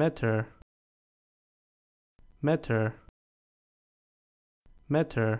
matter matter matter